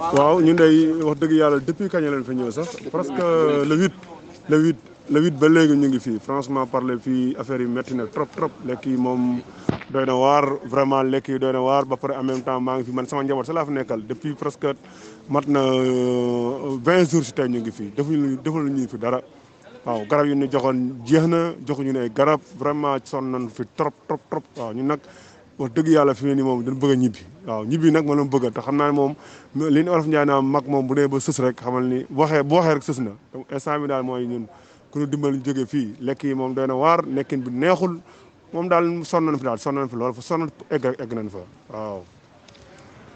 waaw ñu day wax dëgg yàlla depuis kañ lañ fa ñëw sax presque le huit le huit le huit ba léegi ñu ngi fii franchement parler fii affaire yi métti na trop trop lekk yi moom doy na waar vraiment lekk yi doy na waar ba pare en même temps maa ngi fi man sama njaboot sa laa fi nekkal depuis presque mat na euh, vingt jours si tey ñu ngi fii defuñu defuñu ñu fi dara waaw garab yi ñu joxoon jeex na joxuñu ne garab vraiment sonn nañ fi trop trop trop waaw ñu nag wax dëgg yàlla fi mu ne nii moom dañu bëgg a ñibbi waaw ñibbi nag ma la bëgg te xam naa ne moom li ñu olof Njaay naa mag moom bu dee ba sës rek xamal ni bu waxee bu waxee rek sës na instant bi daal mooy ñun ku dimbali ñu fii lekk yi moom doy waar nekkin bi neexul moom daal sonn nañ fi daal sonn fi lool fa sonn egg egg nañ fa waaw.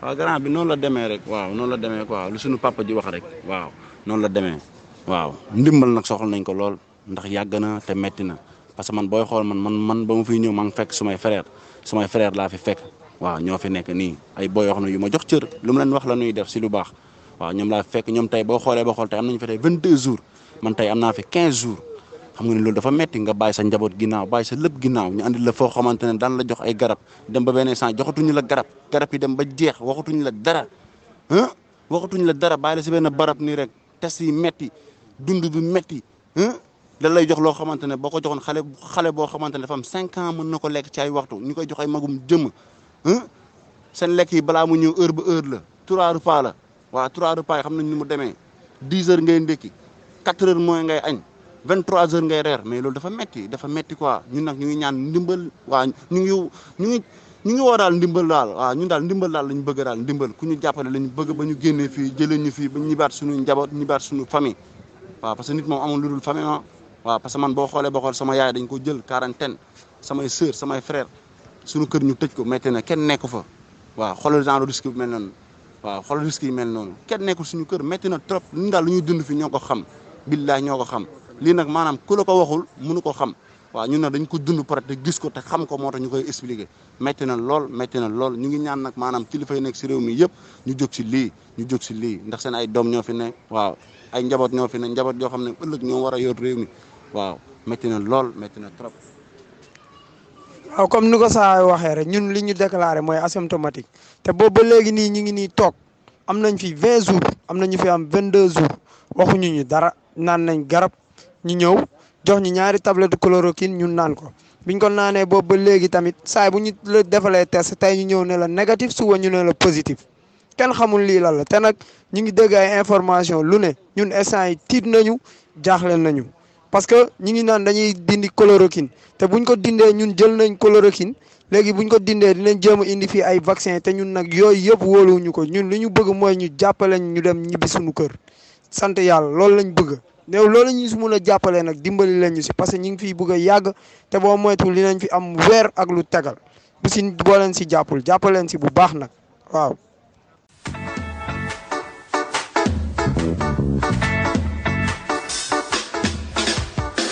waaw grand bi noonu la demee rek waaw noonu la demee quoi lu suñu papa ji wax rek waaw noonu la demee waaw ndimbal nag soxla nañ ko lool ndax yàgg na te metti na parce que man booy xool man man ba ma fiy ñëw ma ngi fekk sumay frère sumay frère laa fi fekk waaw ñoo fi nekk nii ay booy wax na yu ma jox cër lu mu leen wax la ñuy def si lu baax waaw ñoom laa fi fekk ñoom tey boo xoolee ba xool tey am nañu fi tey 22 jours man tey am naa fi 15 jours xam nga ne loolu dafa metti nga bàyyi sa njaboot ginnaaw bàyyi sa lépp ginnaaw ñu andil la foo xamante ne daan la jox ay garab dem ba benn sant joxatuñu la garab garab yi dem ba jeex waxatuñu la dara ah waxatuñu la dara bàyyi la si barab nii rek test yi metti dund bi metti da lay jox loo xamante ne boo ko joxoon xale xale boo xamante ne dafa am cinq ans mën na ko lekk ci ay waxtu ñu koy jox ay magum jëm seen lekk yi balaa mu ñëw heure ba heure la trois repas la waaw trois repas yi xam nañ ni mu demee dix heures ngay ndékki quatre heures mooy ngay añ vingt trois heures ngay reer mais loolu dafa metti dafa metti quoi ñun nag ñu ngi ñaan ndimbal waa ñu ngi ñu ngi ñu ngi woo daal ndimbal daal waaw ñun daal ndimbal daal la ñu bëgg daal ndimbal ku ñu jàppale la ñu bëgg ba ñu génnee fii jëlee ñu fii ba ñibaat suñu njaboot ñibaat suñu famille waaw parce que nit lu dul famille ah. waaw parce que man boo xoolee boo xool sama yaay dañ ko jël quarantaine samay sœur samay frère suñu kër ñu tëj ko métti na kenn nekku fa waaw xoolal genre risque bi mel noonu waaw xoolal risque yi mel noonu kenn nekku suñu kër métti na trop ñun daal lu ñuy dund fi ñoo ko xam billaay ñoo ko xam lii nag maanaam ku la ko waxul mënu ko xam waaw ñu nag dañ ko dund peut être gis ko te xam ko moo tax ñu koy expliquer métti na lool métti na lool ñu ngi ñaan nag maanaam kilifa yi nekk si réew mi yëpp ñu jóg si lii ñu jóg si lii ndax seen ay doom ñoo fi ne waaw njaboot ñoo fi ne njaboot yoo xam ne ëllëg ñoo war a yor réew mi waaw métti na lool métti na trop. waaw comme ni ko saa waxee rek ñun li ñu déclaré mooy asymptomatique te boobu ba léegi nii ñu ngi nii toog am nañ fi vingt jours am na ñu fi am vingt deux jours waxuñu ñu dara naan nañ garab ñu ñëw jox ñu ñaari tablette chloroquine ñun naan ko biñ ko naanee boobu ba léegi tamit saay bu ñu la defalee test tey ñu ñëw ne la négatif suba ñu ne la positif kenn xamul lii lan la te nag ñu ngi dégg information lu ne ñun instant yi tiit nañu jaaxle nañu parce que ñi ngi naan dañuy dindi chloroquine te buñ ko dindee ñun jël nañ chloroquine léegi buñ ko dindee dinañ jéem a indi fii ay vaccin te ñun nag yooyu yëpp wóoluwuñu ko ñun li ñu bëgg mooy ñu jàppale ñu dem ñibbi suñu kër sant yàlla loolu lañ bëgg néew loolu ñu si mun a jàppalee nag dimbali leen ñu si parce que ñu ngi fiy bëgg a yàgg te boo moytu li nañ fi am weer ak lu tegal bu si boo leen si jàppul jàppaleen si bu baax nag waaw